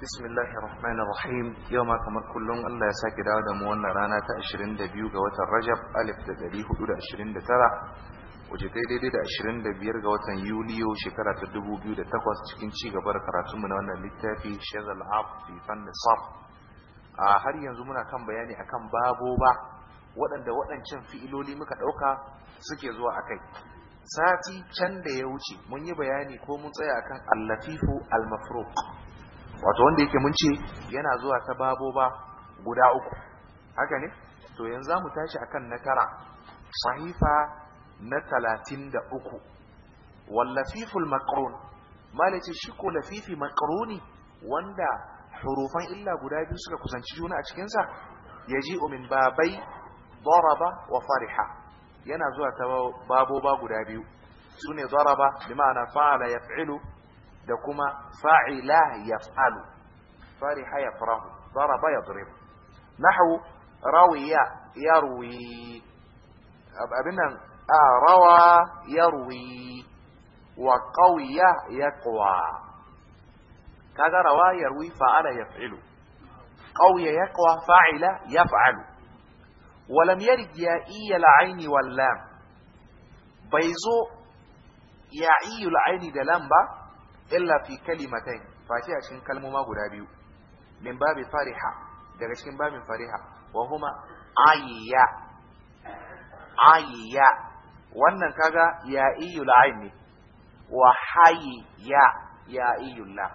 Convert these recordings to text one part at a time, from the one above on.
bismillahi rahman rahim yau ma kamar kullum Allah ya sake dawo da mu wannan rana ta 22 ga watan Rajab 1429 wace daidai da 25 ga watan Yuliyo shekara ta 2008 cikin ci gaba da karatunmu na wannan littafi Shazal Ab fi fannin a har yanzu muna kan bayani akan babo ba waɗanda waɗancan fi'iloli muka ɗauka suke zuwa a kai. sati can da ya wuce mun yi bayani ko mun tsaya akan al-latifu al-mafruq wato wanda yake mun ce yana zuwa ta ba guda uku haka ne to yanzu za mu tashi akan na tara sahifa na talatin da uku wallafiful makarun malice shi ko lafifi makaroni wanda hurufan illa guda biyu suka kusanci juna a cikinsa ya ji umin babai ba, wa fariha yana zuwa ta baboba guda biyu su ne daraba bi ma'ana fa'ala ya fi'ilu da kuma fa'ila yaf'alu fariha yafrahu daraba yadribu nahwu rawiya yarwi abin nan a rawa yarwi wa qawiya yaqwa kaga rawa yarwi fa'ala yaf'ilu qawiya yaqwa fa'ila yaf'alu ولم يرد يائي العين واللام بيزو يعي العين دلام با illa fi kalimatain face a cikin kalmoma guda biyu min babi fariha daga cikin babin fariha wa huma ayya ayya wannan kaga ya iyul ayn ne wa hayya ya iyul la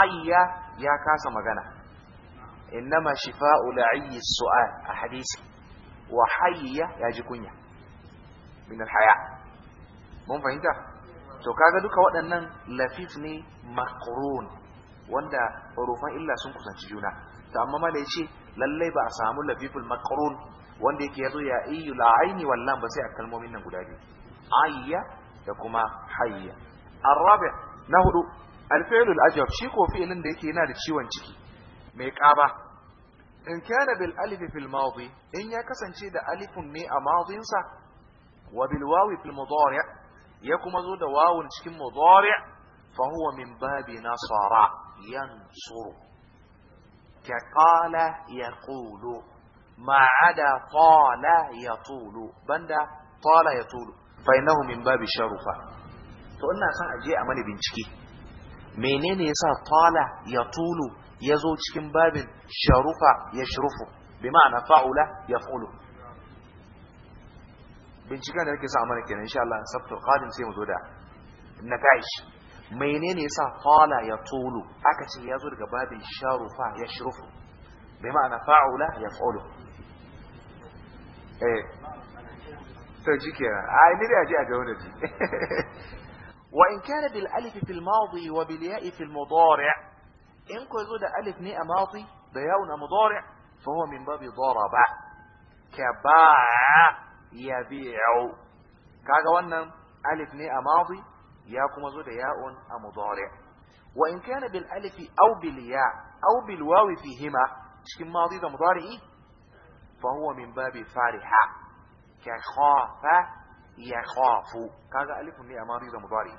ayya ya kasa magana innama shifa'u la'iyyi su'al a hadisi wa hayya ya ji kunya min al-haya mun fahimta to kaga duka waɗannan lafif ne makarun wanda hurufan illa sun kusanci juna to amma mala yace lalle ba a samu lafiful makarun wanda yake yazo ya iyu la aini wallan ba sai a kalmomin nan guda biyu ayya da kuma hayya arabi na hudu alfi'lul ajab shi ko fi'ilin da yake yana da ciwon ciki mai ƙaba in kana bil alif fil madi in ya kasance da alifun ne a madinsa wa bil wawi fil mudari' ya kuma zo da wawun cikin mudari fa huwa min babi nasara yansuru ka qala yaqulu ma ada qala yatulu banda qala yatulu fa innahu min babi sharufa to ina son aje a mani bincike menene yasa qala yatulu yazo cikin babin sharufa yashrufu bima'ana fa'ula yaf'ulu bincika da nake sa mana kenan insha Allah sabtu qadim sai mu zo da nakaish menene yasa fala ya tulu aka ce ya zo daga babin sharufa ya shrufu bai ma'ana fa'ula ya fa'ulu eh to jike kenan ai ni da ji a ga wannan ji wa wa in kana bil bil alif fil madi وإن كان بالألف في الماضي وبالياء في المضارع إن كذود ألف ني ماضي بياء مضارع فهو من باب ضرب كباع yabi'u kaga wannan alif ne a madi ya kuma zo da ya'un a mudari wa in kana bil alif aw bil ya aw bil wawi fihima cikin madi da mudari fa huwa min babi fariha ka khafa ya khafu kaga alif ne a madi da mudari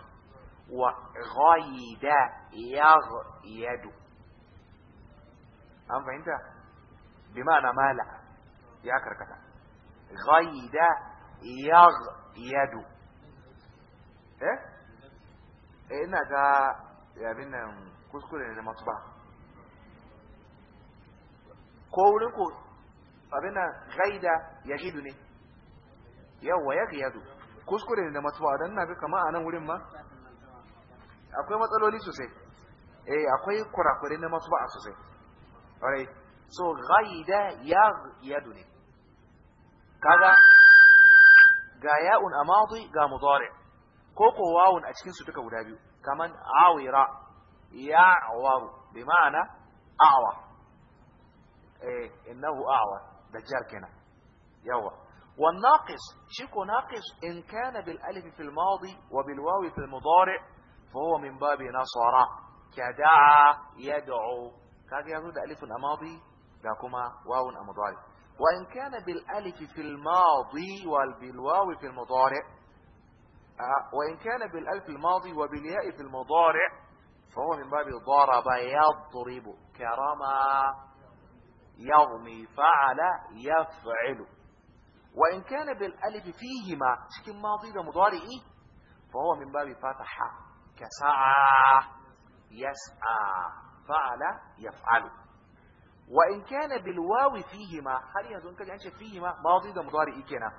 wa ghaida yadu an fahimta bi ma'ana mala ya karkata غيد يغيد eh ina ga abin nan kuskure ne na matuba ko wurin ku abin nan gaida ya gidu ne yawa ya giyadu kuskure ne na matuba don na ga kama a nan wurin ma akwai matsaloli sosai eh akwai kurakure na matuba sosai alright so gaida ya giyadu ne kaga ga ya'un a madi ga mudari ko ko wawun a cikin su duka guda biyu kaman awira ya'waru bi ma'ana a'wa eh innahu a'wa da jar kenan yawa والناقص شيكو ناقص إن كان بالألف في الماضي وبالواو في المضارع فهو من باب نصر كدعا يدعو كاجي يزود ألف الماضي لكما واو المضارع وإن كان بالألف في الماضي وبالواو في المضارع آه، وإن كان بالألف الماضي وبالياء في المضارع فهو من باب ضرب يضرب كرما يغمي فعل يفعل وإن كان بالألف فيهما شكل ماضي ومضارع مضارع إيه؟ فهو من باب فتح كسعى يسعى فعل يفعل wa in kana bil wawi fihima har yanzu in kaji an ce fihima madi da mudari na.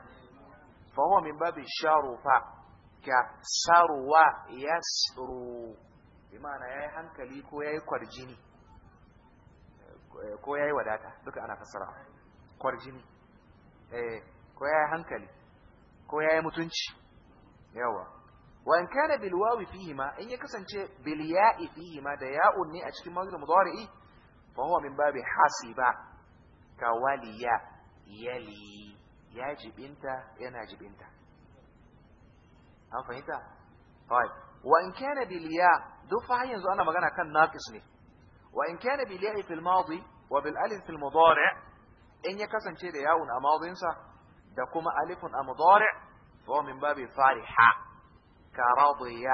fa huwa min babi sharufa ka sarwa yasru bi ma'ana yayi hankali ko yayi kwarjini ko yayi wadata duka ana fassara kwarjini eh ko yayi hankali ko yayi mutunci yawa wa in kana bil wawi fihima in ya kasance bil ya'i fihima da ya'un ne a cikin madi da mudari فهو من باب حسب كواليا يلي يجب انت انا يجب انت ها فهمت طيب وان كان بالياء دفع ينزو انا مغانا كان ناقصني وان كان بالياء في الماضي وبالالف في المضارع ان يكسنشي ده ياون اماضي انسى ده كما الف ام مضارع فهو من باب فرحه كرضي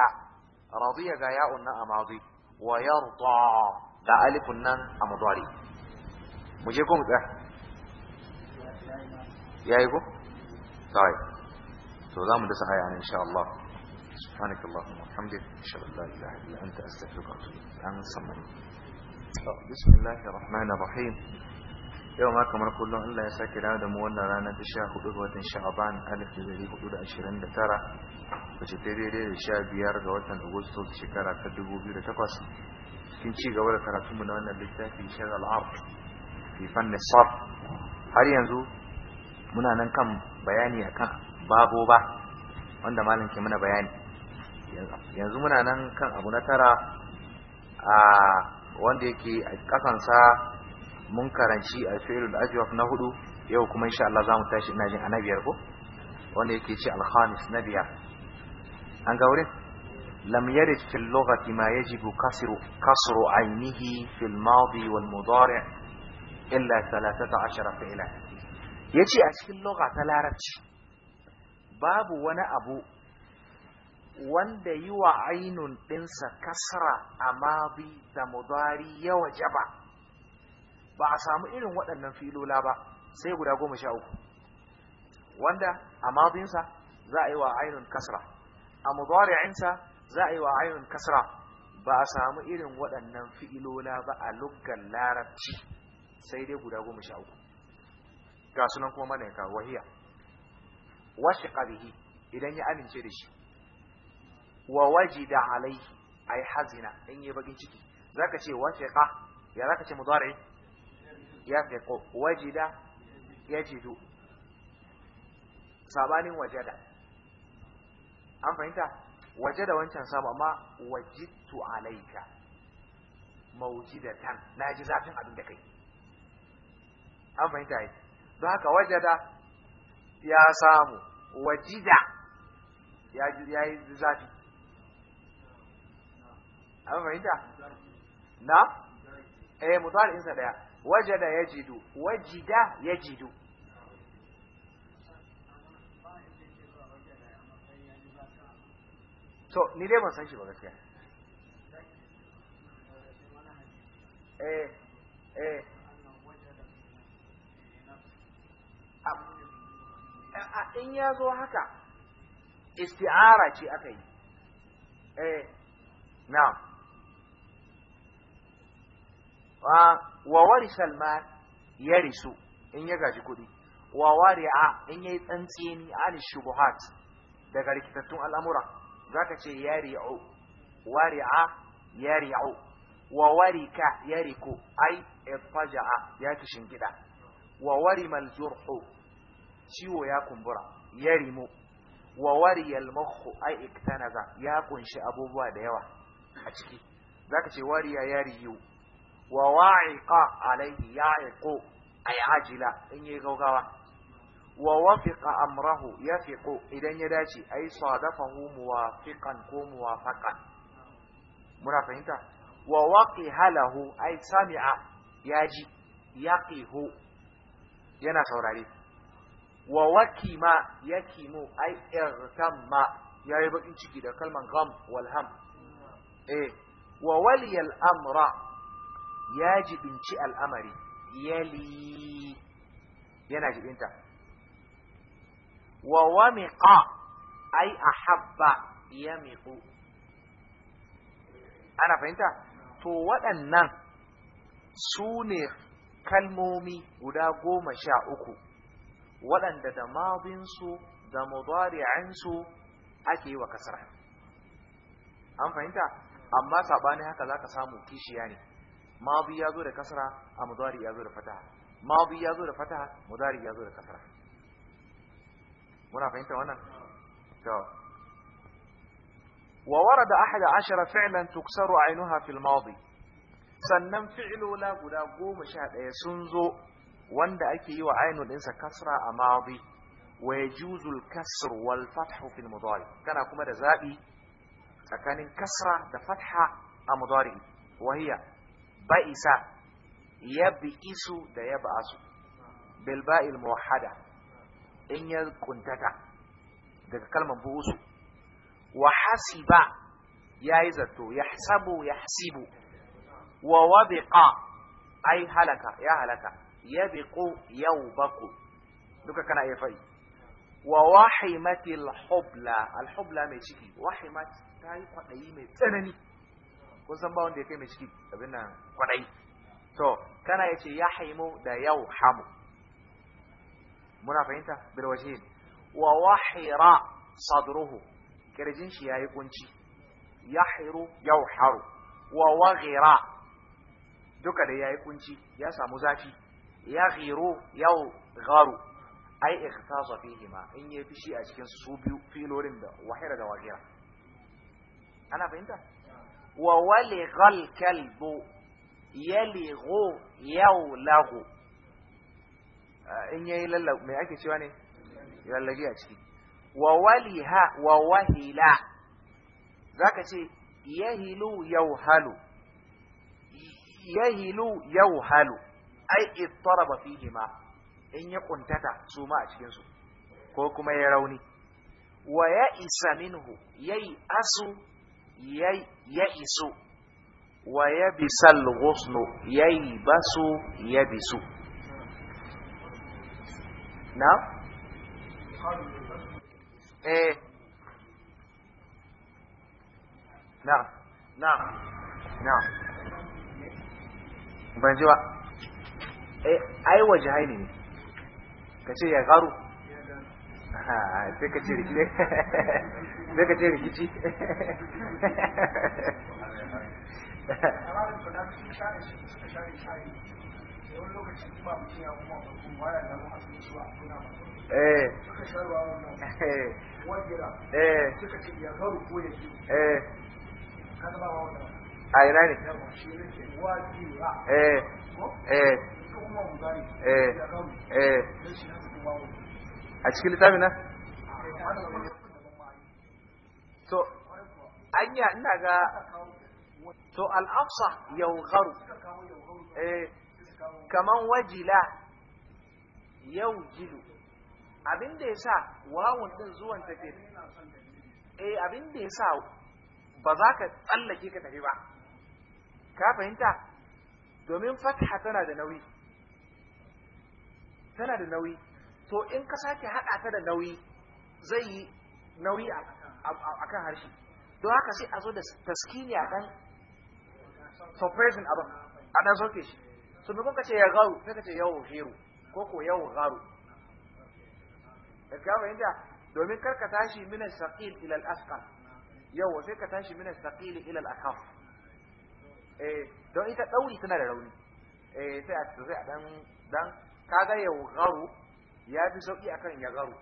رضي جاء ا ماضي ويرضى da alifun nan a mudari mu je kun tsaya yayi ko tayi to mu dasa haya ne insha Allah سبحانك اللهم وبحمدك اشهد ان لا اله الا انت استغفرك واتوب اليك بسم الله الرحمن الرحيم yau ma kamar kullum Allah ya sake dawo da mu wannan rana ta sha hudu ga watan sha'aban alif da dari hudu da ashirin da tara wace ta daidai da sha biyar ga watan agusta shekara ta dubu biyu da takwas cikin ci gaba da karatunmu na wannan littafin shagal art fi fannin sarf har yanzu muna nan kan bayani akan babo ba wanda malam ke muna bayani yanzu muna nan kan abu na tara a wanda yake a kasansa mun karanci alfi'ilul ajwaf na hudu yau kuma insha Allah zamu tashi ina jin anabiyar ko wanda yake ce al-khamis na biyar an ga wurin لم يرد في اللغة ما يجب كسر كسر عينه في الماضي والمضارع إلا ثلاثة عشر فعلا يجي أشكي اللغة تلارتش باب وانا أبو wanda yi wa ainun ɗinsa kasra a mabi da ba a samu irin waɗannan filola ba sai guda goma sha uku wanda a mabinsa za a yi wa ainun kasra a mudari'insa za a yi wa ayin kasra ba a samu irin waɗannan fi'ilola ba a luggan larabci sai dai guda goma sha uku ga sunan kuma mana ka wahiya wasu ƙarihi idan ya amince da shi wa waji da halai a yi hazina in yi bakin ciki za ka ce wasu ƙa ya za ka ce mudari ya fi ko waji da ya jidu sabanin waje da, an fahimta waje da wancan sama ma wajittu alaika mawjidatan na ji zafin abin da kai an fahimta yi don haka wajada ya samu wajida ya yi zafi an fahimta na eh mutane insa daya wajada yajidu wajida yajidu so ni dai ban san shi ba gaskiya eh eh a in ya zo haka isti'ara ce aka yi eh na'am wa warisal mal in ya gaji kuɗi wa wari'a in yayi ni ali shubuhat daga rikitattun al'amura zaka ce yari'u wari'a yari'u wa warika yariku ai ifaja'a ya kishin gida wa warimal jurhu ciwo ya kumbura yarimu wa wariyal mukhu ai iktanaza ya kunshi abubuwa da yawa a ciki zaka ce wariya yariyu wa wa'iqa alaihi ya'iqu ai ajila in yi gaugawa wa wafiqa amrahu yafiqu idan ya dace ai sadafahu muwafiqan ko muwafaqan muna fahimta wa waqiha lahu ai sami'a yaji yaqihu yana saurare wa wakima yakimu ai irtamma yayi bakin ciki da kalman gham walham. eh wa waliyal amra yaji binci al'amari yali yana jibinta wa wamiqa ai ahabba yamiqu ana fahimta to waɗannan su ne kalmomi guda goma sha uku waɗanda da madinsu da mudari'ansu ake yi wa kasara an fahimta amma saɓanin haka za ka samu kishiya ne Mabi ya zo da kasara a mudari ya zo da fataha Mabi ya zo da fataha mudari ya zo da kasara muna fahimta wannan to wa warada ahada ashara fi'lan tuksaru ainuha fil madi sannan fi'lola guda goma sha ɗaya sun zo wanda ake yi wa ainu ɗinsa kasra a madi wa yajuzu al-kasr wal fathu fil mudari kana kuma da zabi tsakanin kasra da fatha a mudari wa hiya ba'isa yab'isu da yab'asu bil ba'il muwahhada in ya kuntata daga kalmar buhusu wa hasiba ya yi zato ya hasabu ya hasibu wa wabiqa ai halaka ya halaka ya biqu yau baku duka kana iya fari wa wahimatil hubla alhubla mai ciki wahimat ta yi kwaɗayi mai tsanani kun san ba wanda ya kai mai ciki abin nan kwaɗayi to kana ya ce ya haimo da yau hamu muna fahimta birwajin wa wahira sadruhu kirjin shi yayi kunci yahiru yauharu wa waghira duka da yayi kunci ya samu zafi yau yaugharu ai ikhtasa fihima in yayi fishi a cikin su biyu filorin da wahira da waghira ana fahimta wa walighal kalbu yau yaulagu Eh, in yayi lallabi me ake cewa ne lallabi a ciki wa waliha wa wahila zaka ce yahilu yauhalu yahilu yauhalu ai ittaraba fihima in ya kuntata su ma a cikin su ko kuma ya rauni wa ya isa minhu yai asu yai ya isu wa ya ghusnu yai basu ya bisu na eh na na na ban ji ba eh ai waje haini ne ka ce ya garu sai ka ce rikici sai ka ce rikici a ina ne eh eh eh eh a cikin littafin na to anya ina ga to al-afsah yawgharu eh kaman wajila yau jilu abin da ya sa wawun ɗin zuwan tafi eh abin da ya sa ba za ka tsallake ka tafi ba ka fahimta domin fatha tana da nauyi tana da nauyi to in ka sake haɗa ta da nauyi zai yi nauyi a kan harshe don haka sai a zo da taskiniya ɗan surprising abin a ɗan soke shi sannan kun kace ya garu sai kace yau hiru ko ko yau garu ka fahimta domin karka tashi min al saqil ila al-asqal yau sai ka tashi min al saqil ila al-akhaf eh don ita dauri tana da rauni eh sai a sai a dan dan kaga yau garu ya fi sauki akan ya garu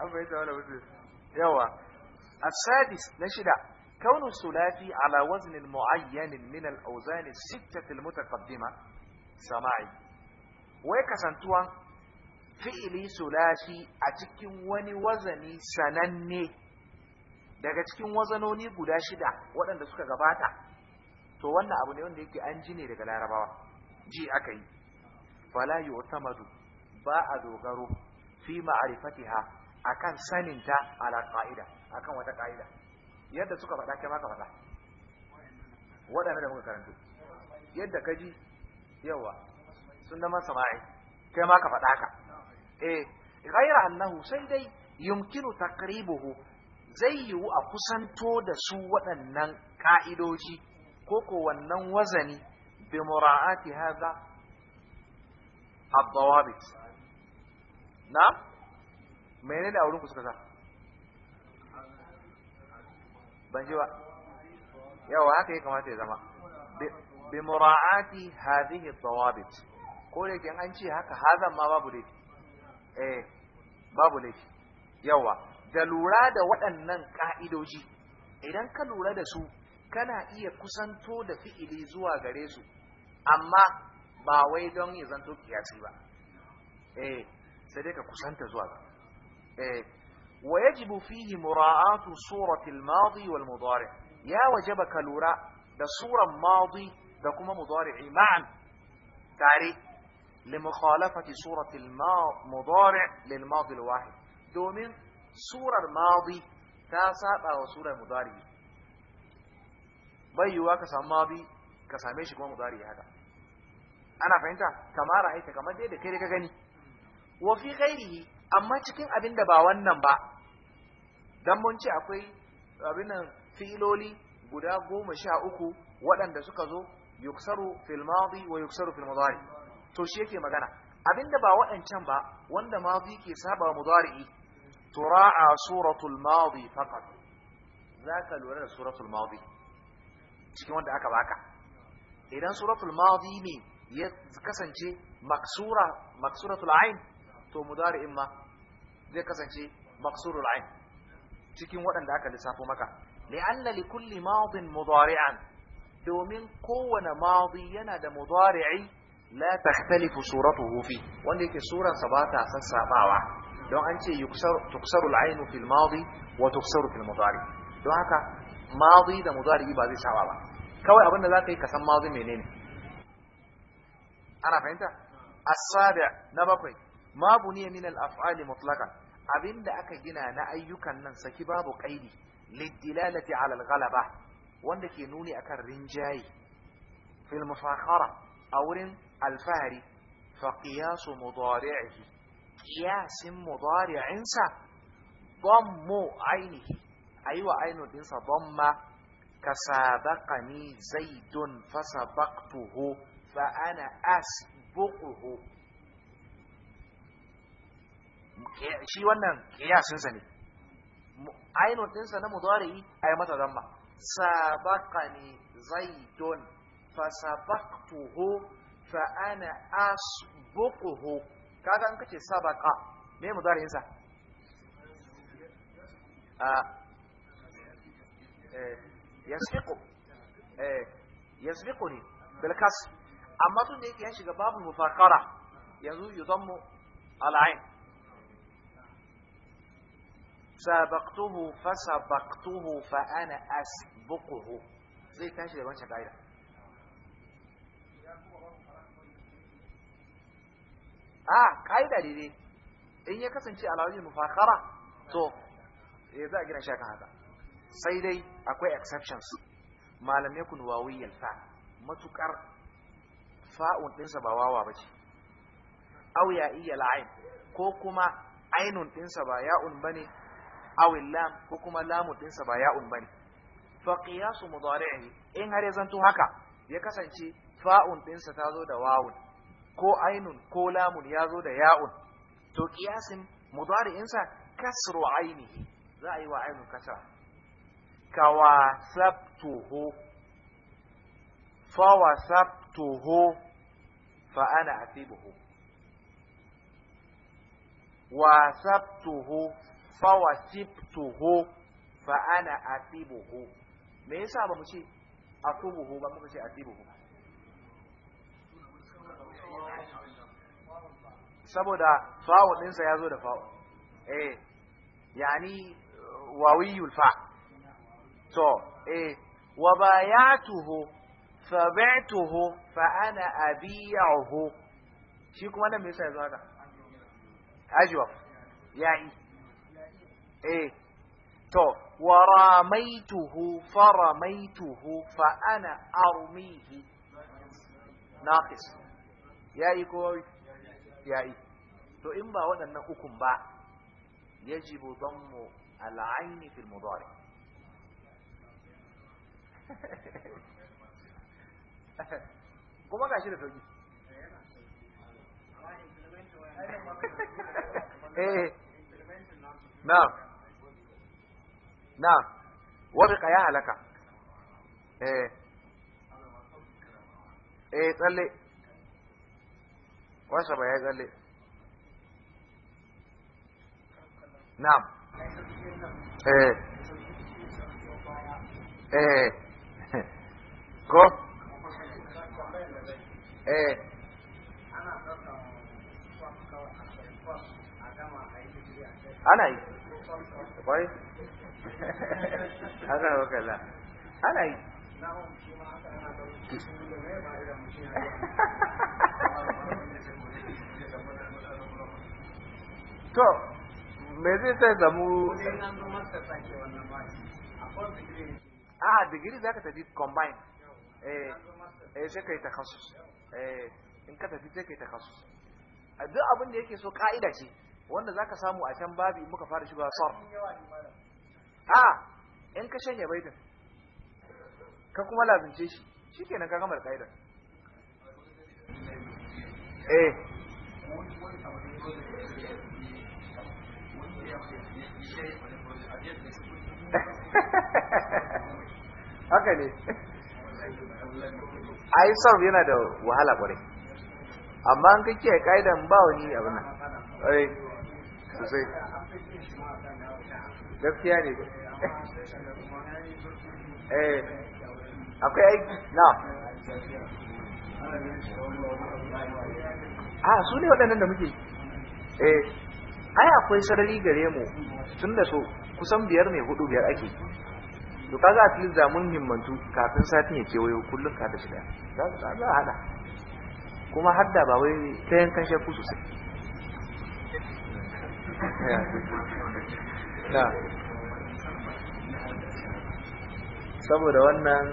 an bai ta wani wuce yawa السادس نشدع كون الثلاثي على وزن معين من الأوزان الستة المتقدمة سماعي ويكسنتوا فعلي ثلاثي أتكين وني وزني سنني daga cikin wazanoni guda shida waɗanda suka gabata to wannan abu ne wanda yake an ji ne daga larabawa ji aka yi fala yu'tamadu ba a dogaro fi ma'arifatiha akan saninta ala ka'ida akan wata ka'ida yadda suka faɗa kai ma ka faɗa waɗanda da muka karanto yadda ka ji yawa sun da masa kai ma ka faɗa ka eh ghayra annahu sai dai yumkinu taqribuhu zai yiwu a kusanto da su waɗannan ka'idoji ko ko wannan wazani bi mura'ati hadha ad-dawabit نعم menene a wurin ku suka sa ban ji ba yawa haka ya kamata ya zama bi mura'ati hadhihi dawabit ko da ke an ce haka hazan ma babu laifi eh babu laifi yawa da lura da waɗannan ka'idoji idan ka lura da su kana iya kusanto da fi'ili zuwa gare su amma ba wai don ya zanto kiyasi ba eh sai dai ka kusanta zuwa ga إيه. ويجب فيه مراعاة صورة الماضي والمضارع يا وجبك لورا ده صورة ماضي ده كما مضارعي معا تعري لمخالفة صورة المضارع للماضي الواحد دومين صورة الماضي أو صورة مضارع بيوا كسام ماضي كساميش كما مضارع هذا أنا فهمت كما رأيت كما دي ده كده كغني وفي غيره amma cikin abin da ba wannan ba dan mun ce akwai abin filoli guda goma sha uku waɗanda suka zo yuksaru fil madi wa yuksaru fil mudari to shi yake magana abin da ba waɗancan ba wanda madi ke saba mudari ra'a suratul madi faqat zaka lura da suratul madi cikin wanda aka baka idan suratul madi ne ya kasance maksura maksuratul ain to mudari'in ma zai kasance maqsurul ain cikin waɗanda aka lissafo maka li'anna li kulli madin mudari'an domin kowane madi yana da mudari'i la takhtalifu suratuhu fi wanda yake surarsa ba ta sassabawa don an ce tuksaru al'ainu fil madi wa tuksaru fil mudari don haka madi da mudari ba zai saba ba kawai abin da zaka yi ka san madi menene ana fahimta as-sabi na bakwai ma buniya min al-af'ali mutlaqan abinda aka gina na ayyukan nan saki babu qaidi lidilalati ala al-ghalaba wanda ke nuni akan rinjayi fil mufakhara a wurin alfahari fa qiyasu mudari'ihi qiyas mudari'in sa dammu aynihi aywa aynu din sa damma kasabaqani zaidun fasabaqtuhu fa ana asbuquhu Eh, shi wannan kiyasinsa ne ainun ɗinsa na mudari a yi mata zamma sabaqani zaidun fa sabaqtuhu fa ana asbuquhu kaga an kace sabaka me mudarinsa a eh yasbiqu eh amma tun da yake ya shiga babu mufakara yanzu zan mu ala'in sabaqtuhu fa sabaqtuhu fa ana asbuquhu zai tashi da wancan kaida a kaida ne in ya kasance alawajin mufakara to za a gina shi haka sai dai akwai exceptions malamai kun wawiyyar fa matukar fa'un ba wawa ba ce au iya la'ain ko kuma ainun ɗinsa ba ya'un ba ne awil lam ko kuma lamu ɗinsa ba ya'un bane fa qiyasu mudari'i in har ya zanto haka ya kasance fa'un dinsa ta zo da wawun ko ainun ko lamun ya zo da ya'un to qiyasin mudari'insa kasru ainihi za a yi wa ainun kasra kawasabtuhu fawasabtuhu fa ana asibuhu wasabtuhu fawasibtuhu fa ana atibuhu me yasa ba mu ce atubuhu ba muka ce atibuhu saboda fawo ɗinsa ya zo da fawo, eh yani uh, wawiyul fa to eh wa bayatuhu fa ba'tuhu fa ana abiyahu shi kuma nan me yasa ya zo haka Ya yi. eh to wa ramaituhu fa ramaituhu fa ana armihi naqis yayi ko yayi to in ba waɗannan hukun ba yajibu dammu al-ayn fi al-mudari kuma gashi da sauki eh na wafiƙa ya halaka eh eh tsalle wasa ba ya tsalle na'am eh eh ko eh ana yi kwai haka wakala ana yi to me zai sai zamu a digiri za ka tafi combine eh eh sai kai takassus eh in ka tafi sai kai takassus duk abin da yake so ka'ida ce wanda ka samu a can babi muka fara shiga sarf a in ka shanye baitin ka kuma lazance shi shi kenan ka gama da ka'idar eh haka ne ai sarf yana da wahala kwarai amma an kake ka'idan ba wani abin nan sosai gaskiya ne eh akwai aiki na a su ne waɗannan da muke eh ai akwai sarari gare mu tun da so kusan biyar ne hudu biyar ake to kaga a least da mun himmantu kafin satin ya ce kewayo kullum ka da shida za a hada kuma hadda ba wai ta yankan shakku sosai na saboda wannan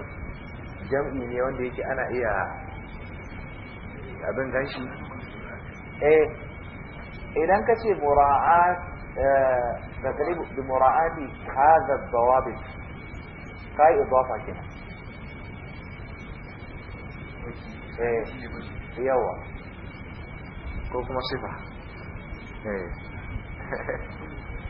jam'i ne wanda yake ana iya abin ganshi eh idan ka ce mura'at da eh, galibu da mura'ati hadha dawabit kai idafa kenan eh yawa ko kuma sifa eh